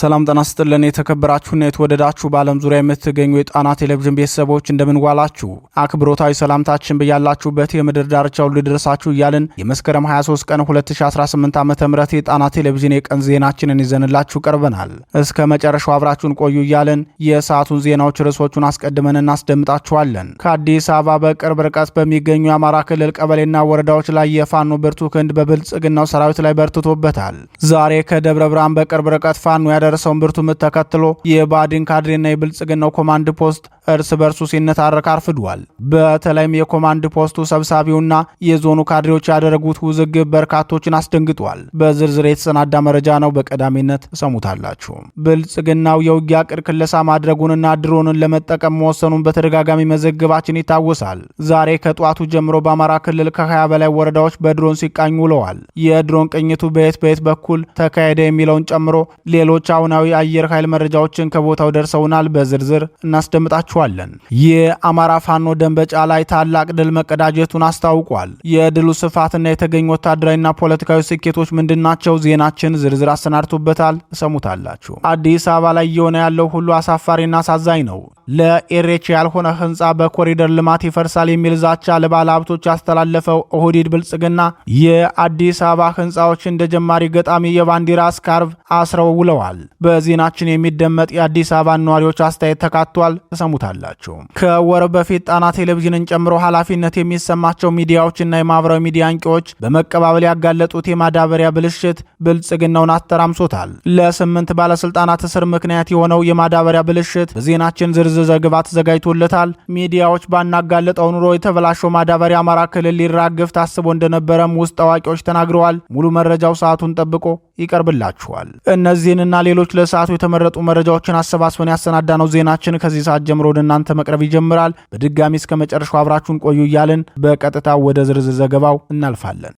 ሰላም ጠና ስጥልን የተከበራችሁና የተወደዳችሁ በዓለም ዙሪያ የምትገኙ የጣና ቴሌቪዥን ቤተሰቦች እንደምንዋላችሁ አክብሮታዊ ሰላምታችን በያላችሁበት የምድር ዳርቻ ሁሉ ይድረሳችሁ እያልን የመስከረም 23 ቀን 2018 ዓ ም የጣና ቴሌቪዥን የቀን ዜናችንን ይዘንላችሁ ቀርበናል። እስከ መጨረሻው አብራችሁን ቆዩ እያልን የሰዓቱን ዜናዎች ርዕሶቹን አስቀድመን እናስደምጣችኋለን። ከአዲስ አበባ በቅርብ ርቀት በሚገኙ የአማራ ክልል ቀበሌና ወረዳዎች ላይ የፋኖ ብርቱ ክንድ በብልጽግናው ሰራዊት ላይ በርትቶበታል። ዛሬ ከደብረ ብርሃን በቅርብ ርቀት ፋኖ ያደ የደረሰውን ብርቱ ምት ተከትሎ የባድን ካድሬና የብልጽግናው ኮማንድ ፖስት እርስ በርሱ ሲነታረክ አርፍዷል። በተለይም የኮማንድ ፖስቱ ሰብሳቢውና የዞኑ ካድሬዎች ያደረጉት ውዝግብ በርካቶችን አስደንግጧል። በዝርዝር የተሰናዳ መረጃ ነው፣ በቀዳሚነት ሰሙታላችሁ። ብልጽግናው የውጊያ ቅድ ክለሳ ማድረጉንና ድሮንን ለመጠቀም መወሰኑን በተደጋጋሚ መዘግባችን ይታወሳል። ዛሬ ከጠዋቱ ጀምሮ በአማራ ክልል ከ20 በላይ ወረዳዎች በድሮን ሲቃኙ ውለዋል። የድሮን ቅኝቱ በየት በየት በኩል ተካሄደ የሚለውን ጨምሮ ሌሎች አሁናዊ አየር ኃይል መረጃዎችን ከቦታው ደርሰውናል። በዝርዝር እናስደምጣችሁ እንነግራችኋለን። የአማራ ፋኖ ደንበጫ ላይ ታላቅ ድል መቀዳጀቱን አስታውቋል። የድሉ ስፋትና የተገኙ ወታደራዊና ፖለቲካዊ ስኬቶች ምንድናቸው? ዜናችን ዝርዝር አሰናድቶበታል፣ እሰሙታላችሁ። አዲስ አበባ ላይ እየሆነ ያለው ሁሉ አሳፋሪና አሳዛኝ ነው። ለኤሬቻ ያልሆነ ህንፃ በኮሪደር ልማት ይፈርሳል የሚል ዛቻ ለባለ ሀብቶች ያስተላለፈው ኦህዴድ ብልጽግና የአዲስ አበባ ህንፃዎች እንደ ጀማሪ ገጣሚ የባንዲራ ስካርቭ አስረው ውለዋል። በዜናችን የሚደመጥ የአዲስ አበባ ነዋሪዎች አስተያየት ተካቷል። ተሰሙ ታውቁታላችሁ። ከወር በፊት ጣና ቴሌቪዥንን ጨምሮ ኃላፊነት የሚሰማቸው ሚዲያዎችና የማህበራዊ ሚዲያ አንቂዎች በመቀባበል ያጋለጡት የማዳበሪያ ብልሽት ብልጽግናውን አተራምሶታል። ለስምንት ባለስልጣናት እስር ምክንያት የሆነው የማዳበሪያ ብልሽት በዜናችን ዝርዝር ዘገባ ተዘጋጅቶለታል። ሚዲያዎች ባናጋለጠው ኑሮ የተበላሸው ማዳበሪያ አማራ ክልል ሊራግፍ ታስቦ እንደነበረም ውስጥ አዋቂዎች ተናግረዋል። ሙሉ መረጃው ሰዓቱን ጠብቆ ይቀርብላችኋል። እነዚህንና ሌሎች ለሰዓቱ የተመረጡ መረጃዎችን አሰባስበን ያሰናዳነው ዜናችን ከዚህ ሰዓት ጀምሮ ወደ እናንተ መቅረብ ይጀምራል። በድጋሚ እስከ መጨረሻው አብራችሁን ቆዩ እያልን በቀጥታ ወደ ዝርዝር ዘገባው እናልፋለን።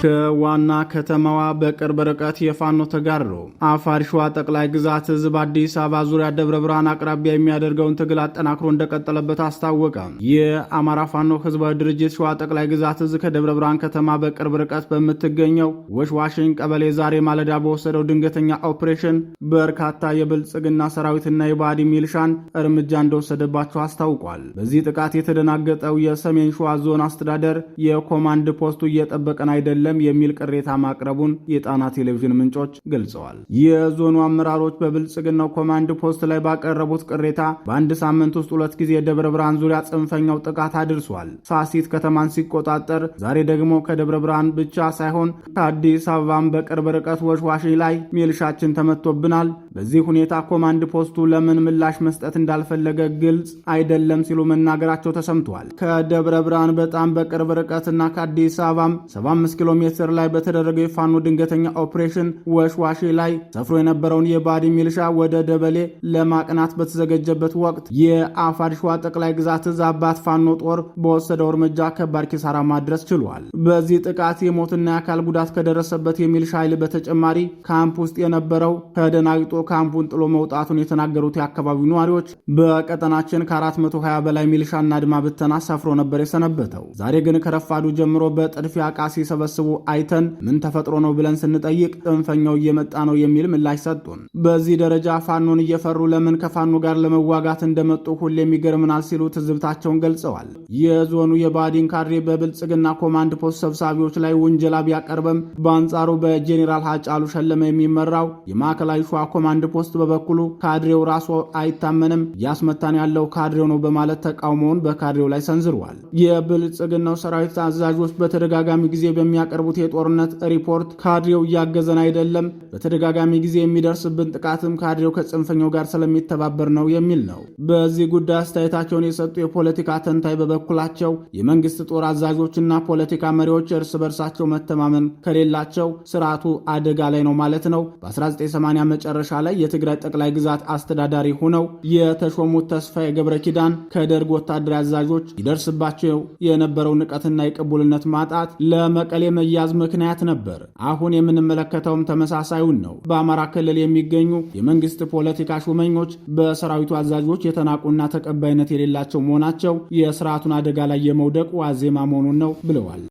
ከዋና ከተማዋ በቅርብ ርቀት የፋኖ ተጋድሎ አፋር ሸዋ ጠቅላይ ግዛት ህዝብ አዲስ አበባ ዙሪያ ደብረ ብርሃን አቅራቢያ የሚያደርገውን ትግል አጠናክሮ እንደቀጠለበት አስታወቀ። የአማራ ፋኖ ህዝባዊ ድርጅት ሸዋ ጠቅላይ ግዛት ህዝብ ከደብረ ብርሃን ከተማ በቅርብ ርቀት በምትገኘው ወሽዋሽኝ ቀበሌ ዛሬ ማለዳ በወሰደው ድንገተኛ ኦፕሬሽን በርካታ የብልጽግና ሰራዊትና የባዲ ሚልሻን እርምጃ እንደወሰደባቸው አስታውቋል። በዚህ ጥቃት የተደናገጠው የሰሜን ሸዋ ዞን አስተዳደር የኮማንድ ፖስቱ እየጠበቀን አይደለም የለም የሚል ቅሬታ ማቅረቡን የጣና ቴሌቪዥን ምንጮች ገልጸዋል። የዞኑ አመራሮች በብልጽግናው ኮማንድ ፖስት ላይ ባቀረቡት ቅሬታ በአንድ ሳምንት ውስጥ ሁለት ጊዜ የደብረ ብርሃን ዙሪያ ጽንፈኛው ጥቃት አድርሷል። ሳሲት ከተማን ሲቆጣጠር፣ ዛሬ ደግሞ ከደብረ ብርሃን ብቻ ሳይሆን ከአዲስ አበባም በቅርብ ርቀት ወሽዋሽ ላይ ሚልሻችን ተመቶብናል በዚህ ሁኔታ ኮማንድ ፖስቱ ለምን ምላሽ መስጠት እንዳልፈለገ ግልጽ አይደለም ሲሉ መናገራቸው ተሰምተዋል። ከደብረ ብርሃን በጣም በቅርብ ርቀትና ከአዲስ አበባም 75 ኪሎ ሜትር ላይ በተደረገው የፋኖ ድንገተኛ ኦፕሬሽን ወሽዋሽ ላይ ሰፍሮ የነበረውን የባዲ ሚልሻ ወደ ደበሌ ለማቅናት በተዘገጀበት ወቅት የአፋድ ሸዋ ጠቅላይ ግዛት እዝ አባት ፋኖ ጦር በወሰደው እርምጃ ከባድ ኪሳራ ማድረስ ችሏል። በዚህ ጥቃት የሞትና የአካል ጉዳት ከደረሰበት የሚልሻ ኃይል በተጨማሪ ካምፕ ውስጥ የነበረው ከደናግጦ ካምፑን ጥሎ መውጣቱን የተናገሩት የአካባቢው ነዋሪዎች በቀጠናችን ከ420 በላይ ሚሊሻና አድማ ብተና ሰፍሮ ነበር የሰነበተው። ዛሬ ግን ከረፋዱ ጀምሮ በጥድፊያ ዕቃ ሲሰበስቡ አይተን ምን ተፈጥሮ ነው ብለን ስንጠይቅ ጽንፈኛው እየመጣ ነው የሚል ምላሽ ሰጡን። በዚህ ደረጃ ፋኖን እየፈሩ ለምን ከፋኖ ጋር ለመዋጋት እንደመጡ ሁሌም ይገርምናል ሲሉ ትዝብታቸውን ገልጸዋል። የዞኑ የባዲን ካድሬ በብልጽግና ኮማንድ ፖስት ሰብሳቢዎች ላይ ውንጀላ ቢያቀርበም። በአንጻሩ በጄኔራል ሀጫሉ ሸለመ የሚመራው የማዕከላዊ ሸዋ ኮማንድ አንድ ፖስት በበኩሉ ካድሬው ራሱ አይታመንም እያስመታን ያለው ካድሬው ነው በማለት ተቃውሞውን በካድሬው ላይ ሰንዝሯል። የብልጽግናው ሰራዊት አዛዦች በተደጋጋሚ ጊዜ በሚያቀርቡት የጦርነት ሪፖርት ካድሬው እያገዘን አይደለም፣ በተደጋጋሚ ጊዜ የሚደርስብን ጥቃትም ካድሬው ከጽንፈኛው ጋር ስለሚተባበር ነው የሚል ነው። በዚህ ጉዳይ አስተያየታቸውን የሰጡ የፖለቲካ ተንታኝ በበኩላቸው የመንግስት ጦር አዛዦችና ፖለቲካ መሪዎች እርስ በርሳቸው መተማመን ከሌላቸው ስርዓቱ አደጋ ላይ ነው ማለት ነው በ1980 መጨረሻ ላይ የትግራይ ጠቅላይ ግዛት አስተዳዳሪ ሆነው የተሾሙት ተስፋዬ ገብረ ኪዳን ከደርግ ወታደራዊ አዛዦች ይደርስባቸው የነበረው ንቀትና የቅቡልነት ማጣት ለመቀሌ መያዝ ምክንያት ነበር። አሁን የምንመለከተውም ተመሳሳዩን ነው። በአማራ ክልል የሚገኙ የመንግስት ፖለቲካ ሹመኞች በሰራዊቱ አዛዦች የተናቁና ተቀባይነት የሌላቸው መሆናቸው የስርዓቱን አደጋ ላይ የመውደቁ ዋዜማ መሆኑን ነው ብለዋል።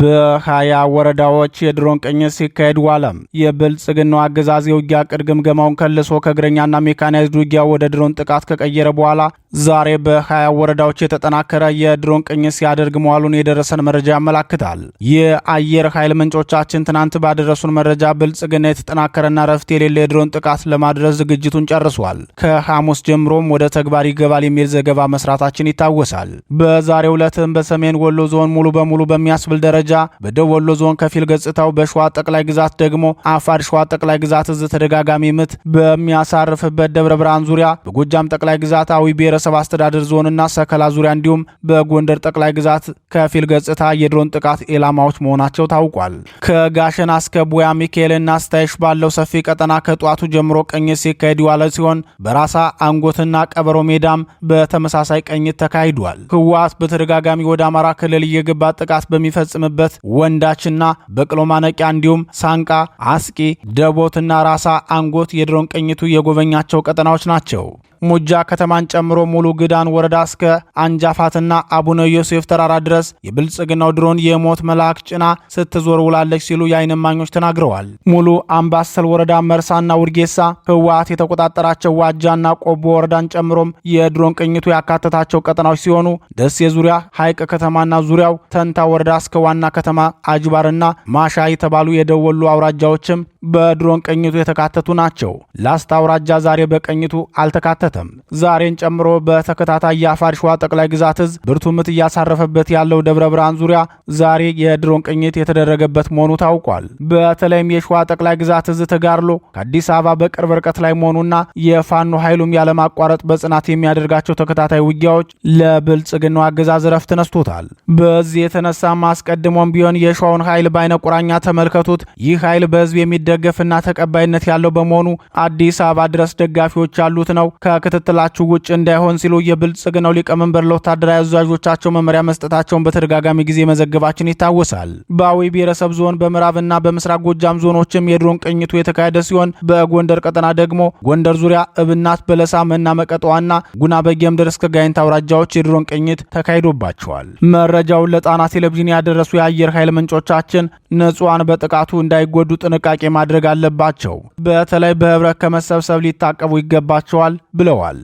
በሀያ ወረዳዎች የድሮን ቅኝት ሲካሄድ ዋለ። የብልጽግናው አገዛዝ የውጊያ ቅድ ግምገማውን ከልሶ ከእግረኛና ሜካናይዝድ ውጊያ ወደ ድሮን ጥቃት ከቀየረ በኋላ ዛሬ በሀያ ወረዳዎች የተጠናከረ የድሮን ቅኝት ሲያደርግ መዋሉን የደረሰን መረጃ ያመላክታል። የአየር ኃይል ምንጮቻችን ትናንት ባደረሱን መረጃ ብልጽግና የተጠናከረና ረፍት የሌለ የድሮን ጥቃት ለማድረስ ዝግጅቱን ጨርሷል። ከሐሙስ ጀምሮም ወደ ተግባር ይገባል የሚል ዘገባ መስራታችን ይታወሳል። በዛሬው ዕለትም በሰሜን ወሎ ዞን ሙሉ በሙሉ በሚያስብል ደረጃ ደረጃ በደቡብ ወሎ ዞን ከፊል ገጽታው፣ በሸዋ ጠቅላይ ግዛት ደግሞ አፋር ሸዋ ጠቅላይ ግዛት እዝ ተደጋጋሚ ምት በሚያሳርፍበት ደብረ ብርሃን ዙሪያ፣ በጎጃም ጠቅላይ ግዛት አዊ ብሔረሰብ አስተዳደር ዞንና ሰከላ ዙሪያ እንዲሁም በጎንደር ጠቅላይ ግዛት ከፊል ገጽታ የድሮን ጥቃት ኢላማዎች መሆናቸው ታውቋል። ከጋሸና እስከ ቦያ ሚካኤልና አስታይሽ ባለው ሰፊ ቀጠና ከጠዋቱ ጀምሮ ቀኝት ሲካሄድ ዋለ ሲሆን በራሳ አንጎትና ቀበሮ ሜዳም በተመሳሳይ ቀኝት ተካሂዷል። ህወሓት በተደጋጋሚ ወደ አማራ ክልል እየገባ ጥቃት በሚፈጽም የሚሆንበት ወንዳችና በቅሎ ማነቂያ እንዲሁም ሳንቃ፣ አስቂ፣ ደቦትና ራሳ አንጎት የድሮን ቅኝቱ የጎበኛቸው ቀጠናዎች ናቸው። ሙጃ ከተማን ጨምሮ ሙሉ ግዳን ወረዳ እስከ አንጃፋትና አቡነ ዮሴፍ ተራራ ድረስ የብልጽግናው ድሮን የሞት መልአክ ጭና ስትዞር ውላለች ሲሉ የአይን እማኞች ተናግረዋል። ሙሉ አምባሰል ወረዳ፣ መርሳና ውድጌሳ ህወሓት የተቆጣጠራቸው ዋጃና ቆቦ ወረዳን ጨምሮም የድሮን ቅኝቱ ያካተታቸው ቀጠናዎች ሲሆኑ ደሴ ዙሪያ፣ ሐይቅ ከተማና ዙሪያው፣ ተንታ ወረዳ እስከ ዋና ከተማ አጅባርና ማሻ የተባሉ የደወሉ አውራጃዎችም በድሮን ቅኝቱ የተካተቱ ናቸው። ላስታ አውራጃ ዛሬ በቅኝቱ አልተካተተም። ዛሬን ጨምሮ በተከታታይ የአፋር ሸዋ ጠቅላይ ግዛት እዝ ብርቱ ምት እያሳረፈበት ያለው ደብረ ብርሃን ዙሪያ ዛሬ የድሮን ቅኝት የተደረገበት መሆኑ ታውቋል። በተለይም የሸዋ ጠቅላይ ግዛት እዝ ተጋድሎ ከአዲስ አበባ በቅርብ ርቀት ላይ መሆኑና የፋኖ ኃይሉም ያለማቋረጥ በጽናት የሚያደርጋቸው ተከታታይ ውጊያዎች ለብልጽግናው አገዛዝ ረፍት ነስቶታል። በዚህ የተነሳ አስቀድሞም ቢሆን የሸዋውን ኃይል በአይነ ቁራኛ ተመልከቱት። ይህ ኃይል በህዝብ የሚደ የሚደገፍና ተቀባይነት ያለው በመሆኑ አዲስ አበባ ድረስ ደጋፊዎች ያሉት ነው። ከክትትላችሁ ውጭ እንዳይሆን ሲሉ የብልጽግናው ሊቀመንበር ለወታደራዊ አዛዦቻቸው መመሪያ መስጠታቸውን በተደጋጋሚ ጊዜ መዘገባችን ይታወሳል። በአዊ ብሔረሰብ ዞን በምዕራብና በምስራቅ ጎጃም ዞኖችም የድሮን ቅኝቱ የተካሄደ ሲሆን በጎንደር ቀጠና ደግሞ ጎንደር ዙሪያ እብናት፣ በለሳ፣ መና መቀጠዋና ጉና በጌምድር እስከ ጋይንት አውራጃዎች የድሮን ቅኝት ተካሂዶባቸዋል። መረጃውን ለጣና ቴሌቪዥን ያደረሱ የአየር ኃይል ምንጮቻችን ንጹሐን በጥቃቱ እንዳይጎዱ ጥንቃቄ ማድረግ አለባቸው። በተለይ በህብረት ከመሰብሰብ ሊታቀቡ ይገባቸዋል ብለዋል።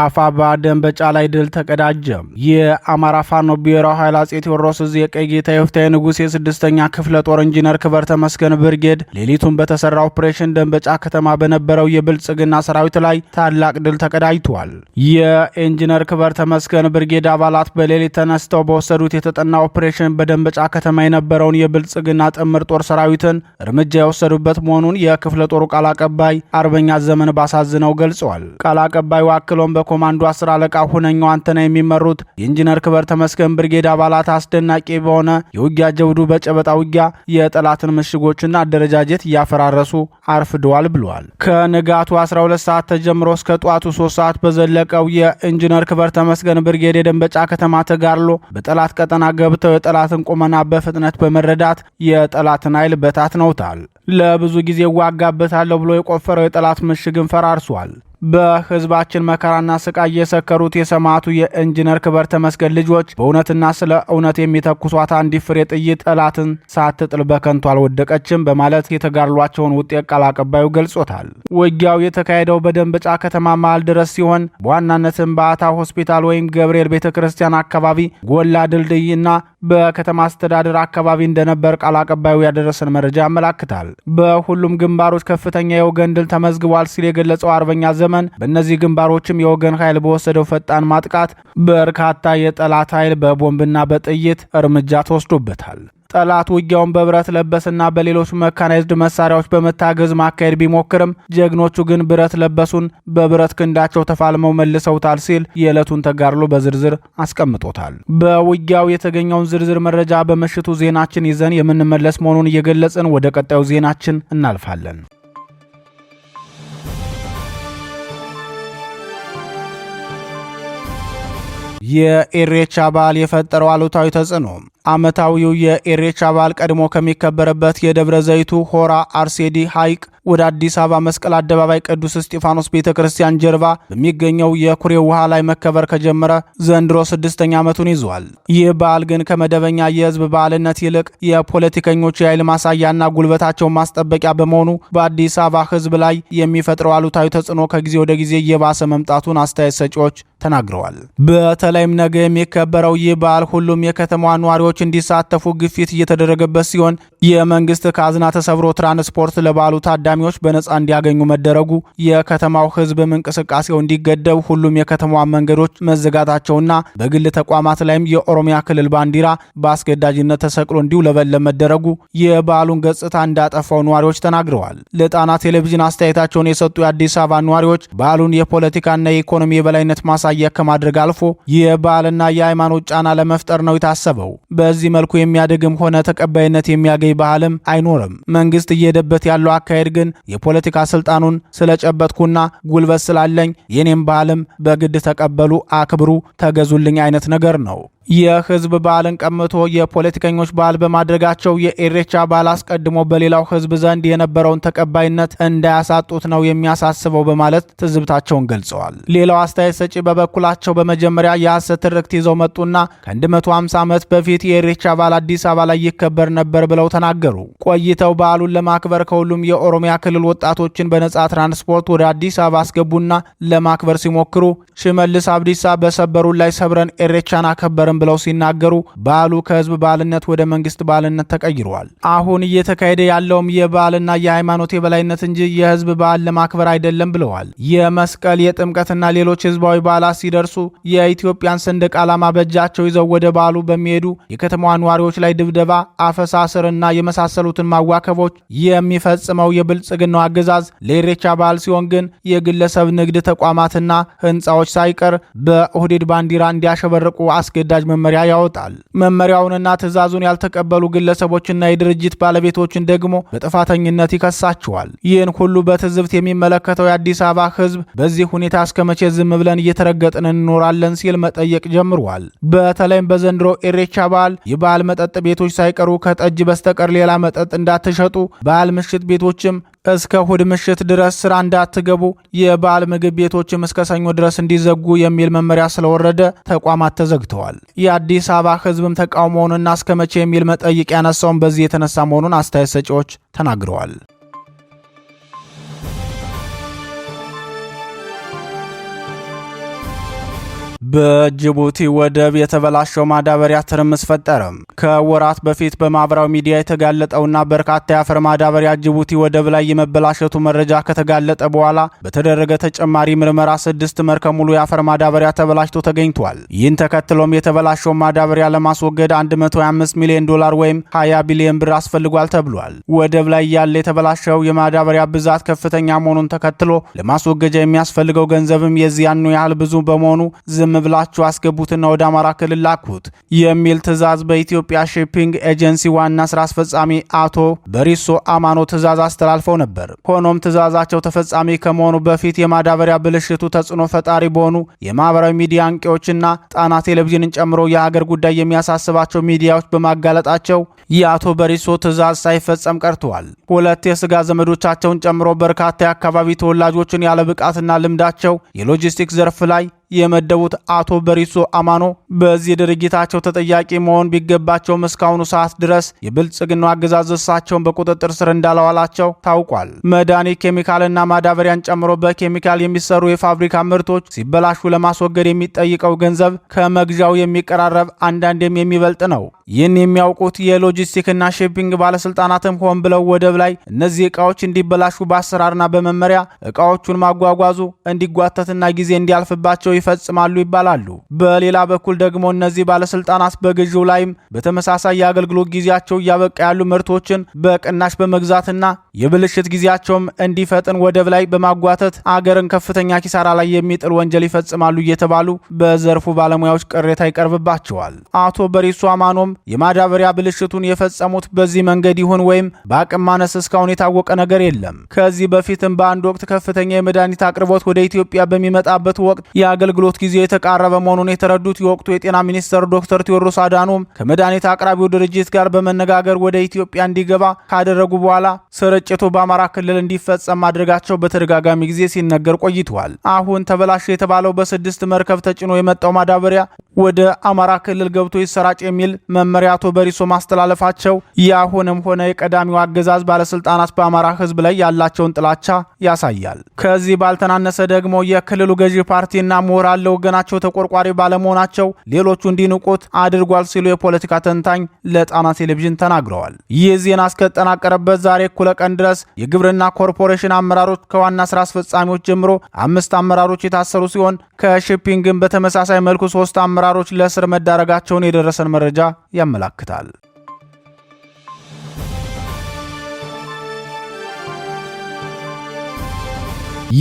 አፋባ ደንበጫ ላይ ድል ተቀዳጀ። የአማራ ፋኖ ብሔራዊ ኃይል አጼ ቴዎድሮስ እዝ የቀይ ጌታ የፍታ ንጉሥ የስድስተኛ ክፍለ ጦር ኢንጂነር ክበር ተመስገን ብርጌድ ሌሊቱን በተሰራ ኦፕሬሽን ደንበጫ ከተማ በነበረው የብልጽግና ሰራዊት ላይ ታላቅ ድል ተቀዳጅቷል። የኢንጂነር ክበር ተመስገን ብርጌድ አባላት በሌሊት ተነስተው በወሰዱት የተጠና ኦፕሬሽን በደንበጫ ከተማ የነበረውን የብልጽግና ጥምር ጦር ሰራዊትን እርምጃ የወሰዱበት መሆኑን የክፍለ ጦሩ ቃል አቀባይ አርበኛ ዘመን ባሳዝነው ገልጸዋል። ቃል አቀባዩ አክሎም በኮማንዶ አስር አለቃ ሁነኛው አንተና የሚመሩት የኢንጂነር ክበር ተመስገን ብርጌድ አባላት አስደናቂ በሆነ የውጊያ ጀብዱ በጨበጣ ውጊያ የጠላትን ምሽጎችና አደረጃጀት እያፈራረሱ አርፍደዋል ብለዋል። ከንጋቱ 12 ሰዓት ተጀምሮ እስከ ጠዋቱ 3 ሰዓት በዘለቀው የኢንጂነር ክበር ተመስገን ብርጌድ የደንበጫ ከተማ ተጋድሎ በጠላት ቀጠና ገብተው የጠላትን ቁመና በፍጥነት በመረዳት የጠላትን ኃይል ነውታል። ለብዙ ጊዜ እዋጋበታለሁ ብሎ የቆፈረው የጠላት ምሽግን ፈራርሷል። በህዝባችን መከራና ስቃይ የሰከሩት የሰማዕቱ የኢንጂነር ክበር ተመስገን ልጆች በእውነትና ስለ እውነት የሚተኩሷት አንዲት ፍሬ ጥይት ጠላትን ሳትጥል በከንቱ አልወደቀችም በማለት የተጋድሏቸውን ውጤት ቃል አቀባዩ ገልጾታል። ውጊያው የተካሄደው በደንበጫ ከተማ መሃል ድረስ ሲሆን በዋናነትም በአታ ሆስፒታል ወይም ገብርኤል ቤተ ክርስቲያን አካባቢ ጎላ ድልድይ እና በከተማ አስተዳደር አካባቢ እንደነበር ቃል አቀባዩ ያደረሰን መረጃ ያመላክታል። በሁሉም ግንባሮች ከፍተኛ የወገን ድል ተመዝግቧል ሲል የገለጸው አርበኛ ዘ ዘመን በእነዚህ ግንባሮችም የወገን ኃይል በወሰደው ፈጣን ማጥቃት በርካታ የጠላት ኃይል በቦምብና በጥይት እርምጃ ተወስዶበታል። ጠላት ውጊያውን በብረት ለበስና በሌሎች መካናይዝድ መሳሪያዎች በመታገዝ ማካሄድ ቢሞክርም ጀግኖቹ ግን ብረት ለበሱን በብረት ክንዳቸው ተፋልመው መልሰውታል ሲል የዕለቱን ተጋድሎ በዝርዝር አስቀምጦታል። በውጊያው የተገኘውን ዝርዝር መረጃ በምሽቱ ዜናችን ይዘን የምንመለስ መሆኑን እየገለጽን ወደ ቀጣዩ ዜናችን እናልፋለን። የኢሬቻ በዓል የፈጠረው አሉታዊ ተጽዕኖ ዓመታዊው የኢሬቻ በዓል ቀድሞ ከሚከበርበት የደብረ ዘይቱ ሆራ አርሴዲ ሐይቅ ወደ አዲስ አበባ መስቀል አደባባይ ቅዱስ እስጢፋኖስ ቤተ ክርስቲያን ጀርባ በሚገኘው የኩሬ ውሃ ላይ መከበር ከጀመረ ዘንድሮ ስድስተኛ ዓመቱን ይዟል። ይህ በዓል ግን ከመደበኛ የህዝብ በዓልነት ይልቅ የፖለቲከኞች የኃይል ማሳያና ጉልበታቸውን ማስጠበቂያ በመሆኑ በአዲስ አበባ ህዝብ ላይ የሚፈጥረው አሉታዊ ተጽዕኖ ከጊዜ ወደ ጊዜ እየባሰ መምጣቱን አስተያየት ሰጪዎች ተናግረዋል። በተለይም ነገ የሚከበረው ይህ በዓል ሁሉም የከተማዋ ነዋሪዎች እንዲሳተፉ ግፊት እየተደረገበት ሲሆን የመንግስት ካዝና ተሰብሮ ትራንስፖርት ለባሉ ታዳሚዎች በነፃ እንዲያገኙ መደረጉ፣ የከተማው ህዝብም እንቅስቃሴው እንዲገደብ ሁሉም የከተማ መንገዶች መዘጋታቸውና በግል ተቋማት ላይም የኦሮሚያ ክልል ባንዲራ በአስገዳጅነት ተሰቅሎ እንዲውለበለብ መደረጉ የበዓሉን ገጽታ እንዳጠፋው ነዋሪዎች ተናግረዋል። ለጣና ቴሌቪዥን አስተያየታቸውን የሰጡ የአዲስ አበባ ነዋሪዎች በዓሉን የፖለቲካና የኢኮኖሚ የበላይነት ማሳያ ከማድረግ አልፎ የበዓልና የሃይማኖት ጫና ለመፍጠር ነው የታሰበው። በዚህ መልኩ የሚያደግም ሆነ ተቀባይነት የሚያገኝ ባህልም አይኖርም። መንግስት እየሄደበት ያለው አካሄድ ግን የፖለቲካ ስልጣኑን ስለጨበጥኩና ጉልበት ስላለኝ የኔም ባህልም በግድ ተቀበሉ፣ አክብሩ፣ ተገዙልኝ አይነት ነገር ነው። የህዝብ በዓልን ቀምቶ የፖለቲከኞች በዓል በማድረጋቸው የኢሬቻ በዓል አስቀድሞ በሌላው ህዝብ ዘንድ የነበረውን ተቀባይነት እንዳያሳጡት ነው የሚያሳስበው በማለት ትዝብታቸውን ገልጸዋል። ሌላው አስተያየት ሰጪ በበኩላቸው በመጀመሪያ የሐሰት ትርክት ይዘው መጡና ከ150 ዓመት በፊት የኢሬቻ በዓል አዲስ አበባ ላይ ይከበር ነበር ብለው ተናገሩ። ቆይተው በዓሉን ለማክበር ከሁሉም የኦሮሚያ ክልል ወጣቶችን በነጻ ትራንስፖርት ወደ አዲስ አበባ አስገቡና ለማክበር ሲሞክሩ ሽመልስ አብዲሳ በሰበሩን ላይ ሰብረን ኢሬቻን አከበር አልነበረም ብለው ሲናገሩ በዓሉ ከህዝብ ባልነት ወደ መንግስት ባልነት ተቀይሯል። አሁን እየተካሄደ ያለውም የበዓልና የሃይማኖት የበላይነት እንጂ የህዝብ በዓል ለማክበር አይደለም ብለዋል። የመስቀል የጥምቀትና ሌሎች ህዝባዊ በዓላት ሲደርሱ የኢትዮጵያን ሰንደቅ ዓላማ በእጃቸው ይዘው ወደ በዓሉ በሚሄዱ የከተማዋ ነዋሪዎች ላይ ድብደባ፣ አፈሳስርና የመሳሰሉትን ማዋከቦች የሚፈጽመው የብልጽግናው አገዛዝ ለኢሬቻ በዓል ሲሆን ግን የግለሰብ ንግድ ተቋማትና ህንፃዎች ሳይቀር በኦህዴድ ባንዲራ እንዲያሸበርቁ አስገዳጅ አስገዳጅ መመሪያ ያወጣል። መመሪያውንና ትዕዛዙን ያልተቀበሉ ግለሰቦችና የድርጅት ባለቤቶችን ደግሞ በጥፋተኝነት ይከሳቸዋል። ይህን ሁሉ በትዝብት የሚመለከተው የአዲስ አበባ ህዝብ በዚህ ሁኔታ እስከ መቼ ዝም ብለን እየተረገጥን እንኖራለን ሲል መጠየቅ ጀምሯል። በተለይም በዘንድሮ ኤሬቻ በዓል የበዓል መጠጥ ቤቶች ሳይቀሩ ከጠጅ በስተቀር ሌላ መጠጥ እንዳትሸጡ፣ በዓል ምሽት ቤቶችም እስከ እሁድ ምሽት ድረስ ስራ እንዳትገቡ፣ የበዓል ምግብ ቤቶችም እስከ ሰኞ ድረስ እንዲዘጉ የሚል መመሪያ ስለወረደ ተቋማት ተዘግተዋል። የአዲስ አበባ ህዝብም ተቃውሞውንና እስከ መቼ የሚል መጠይቅ ያነሳውን በዚህ የተነሳ መሆኑን አስተያየት ሰጪዎች ተናግረዋል። በጅቡቲ ወደብ የተበላሸው ማዳበሪያ ትርምስ ፈጠረ። ከወራት በፊት በማህበራዊ ሚዲያ የተጋለጠውና በርካታ የአፈር ማዳበሪያ ጅቡቲ ወደብ ላይ የመበላሸቱ መረጃ ከተጋለጠ በኋላ በተደረገ ተጨማሪ ምርመራ ስድስት መርከብ ሙሉ የአፈር ማዳበሪያ ተበላሽቶ ተገኝቷል። ይህን ተከትሎም የተበላሸው ማዳበሪያ ለማስወገድ 125 ሚሊዮን ዶላር ወይም 20 ቢሊዮን ብር አስፈልጓል ተብሏል። ወደብ ላይ ያለ የተበላሸው የማዳበሪያ ብዛት ከፍተኛ መሆኑን ተከትሎ ለማስወገጃ የሚያስፈልገው ገንዘብም የዚያኑ ያህል ብዙ በመሆኑ ዝም ብላችሁ አስገቡትና ወደ አማራ ክልል ላኩት የሚል ትዕዛዝ በኢትዮጵያ ሺፒንግ ኤጀንሲ ዋና ስራ አስፈጻሚ አቶ በሪሶ አማኖ ትዕዛዝ አስተላልፈው ነበር። ሆኖም ትዕዛዛቸው ተፈጻሚ ከመሆኑ በፊት የማዳበሪያ ብልሽቱ ተጽዕኖ ፈጣሪ በሆኑ የማህበራዊ ሚዲያ አንቂዎችና ጣና ቴሌቪዥንን ጨምሮ የሀገር ጉዳይ የሚያሳስባቸው ሚዲያዎች በማጋለጣቸው የአቶ በሪሶ ትዕዛዝ ሳይፈጸም ቀርተዋል። ሁለት የስጋ ዘመዶቻቸውን ጨምሮ በርካታ የአካባቢ ተወላጆችን ያለ ብቃትና ልምዳቸው የሎጂስቲክስ ዘርፍ ላይ የመደቡት አቶ በሪሶ አማኖ በዚህ ድርጊታቸው ተጠያቂ መሆን ቢገባቸውም እስካሁኑ ሰዓት ድረስ የብልጽግና አገዛዝ እሳቸውን በቁጥጥር ስር እንዳለዋላቸው ታውቋል። መድኃኒት፣ ኬሚካልና ማዳበሪያን ጨምሮ በኬሚካል የሚሰሩ የፋብሪካ ምርቶች ሲበላሹ ለማስወገድ የሚጠይቀው ገንዘብ ከመግዣው የሚቀራረብ አንዳንዴም የሚበልጥ ነው። ይህን የሚያውቁት የሎጂስቲክና ሺፒንግ ባለስልጣናትም ሆን ብለው ወደብ ላይ እነዚህ እቃዎች እንዲበላሹ በአሰራርና በመመሪያ እቃዎቹን ማጓጓዙ እንዲጓተትና ጊዜ እንዲያልፍባቸው ይፈጽማሉ ይባላሉ። በሌላ በኩል ደግሞ እነዚህ ባለስልጣናት በግዢው ላይም በተመሳሳይ የአገልግሎት ጊዜያቸው እያበቃ ያሉ ምርቶችን በቅናሽ በመግዛትና የብልሽት ጊዜያቸውም እንዲፈጥን ወደብ ላይ በማጓተት አገርን ከፍተኛ ኪሳራ ላይ የሚጥል ወንጀል ይፈጽማሉ እየተባሉ በዘርፉ ባለሙያዎች ቅሬታ ይቀርብባቸዋል። አቶ በሪሱ አማኖም የማዳበሪያ ብልሽቱን የፈጸሙት በዚህ መንገድ ይሁን ወይም በአቅም ማነስ እስካሁን የታወቀ ነገር የለም። ከዚህ በፊትም በአንድ ወቅት ከፍተኛ የመድኃኒት አቅርቦት ወደ ኢትዮጵያ በሚመጣበት ወቅት የአገል የአገልግሎት ጊዜ የተቃረበ መሆኑን የተረዱት የወቅቱ የጤና ሚኒስትር ዶክተር ቴዎድሮስ አዳኖም ከመድኃኒት አቅራቢው ድርጅት ጋር በመነጋገር ወደ ኢትዮጵያ እንዲገባ ካደረጉ በኋላ ስርጭቱ በአማራ ክልል እንዲፈጸም ማድረጋቸው በተደጋጋሚ ጊዜ ሲነገር ቆይተዋል። አሁን ተበላሽ የተባለው በስድስት መርከብ ተጭኖ የመጣው ማዳበሪያ ወደ አማራ ክልል ገብቶ ይሰራጭ የሚል መመሪያ አቶ በሪሶ ማስተላለፋቸው ያሆነም ሆነ የቀዳሚው አገዛዝ ባለስልጣናት በአማራ ህዝብ ላይ ያላቸውን ጥላቻ ያሳያል። ከዚህ ባልተናነሰ ደግሞ የክልሉ ገዢ ፓርቲና ምሁራን ለወገናቸው ተቆርቋሪ ባለመሆናቸው ሌሎቹ እንዲንቁት አድርጓል ሲሉ የፖለቲካ ተንታኝ ለጣና ቴሌቪዥን ተናግረዋል። ይህ ዜና እስከተጠናቀረበት ዛሬ እኩለ ቀን ድረስ የግብርና ኮርፖሬሽን አመራሮች ከዋና ስራ አስፈጻሚዎች ጀምሮ አምስት አመራሮች የታሰሩ ሲሆን ከሺፒንግን በተመሳሳይ መልኩ ሶስት አመራሮች አመራሮች ለእስር መዳረጋቸውን የደረሰን መረጃ ያመላክታል።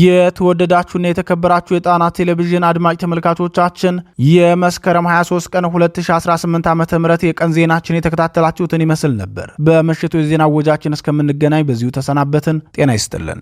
የተወደዳችሁና የተከበራችሁ የጣና ቴሌቪዥን አድማጭ ተመልካቾቻችን የመስከረም 23 ቀን 2018 ም የቀን ዜናችን የተከታተላችሁትን ይመስል ነበር። በምሽቱ የዜና ወጃችን እስከምንገናኝ በዚሁ ተሰናበትን። ጤና ይስጥልን።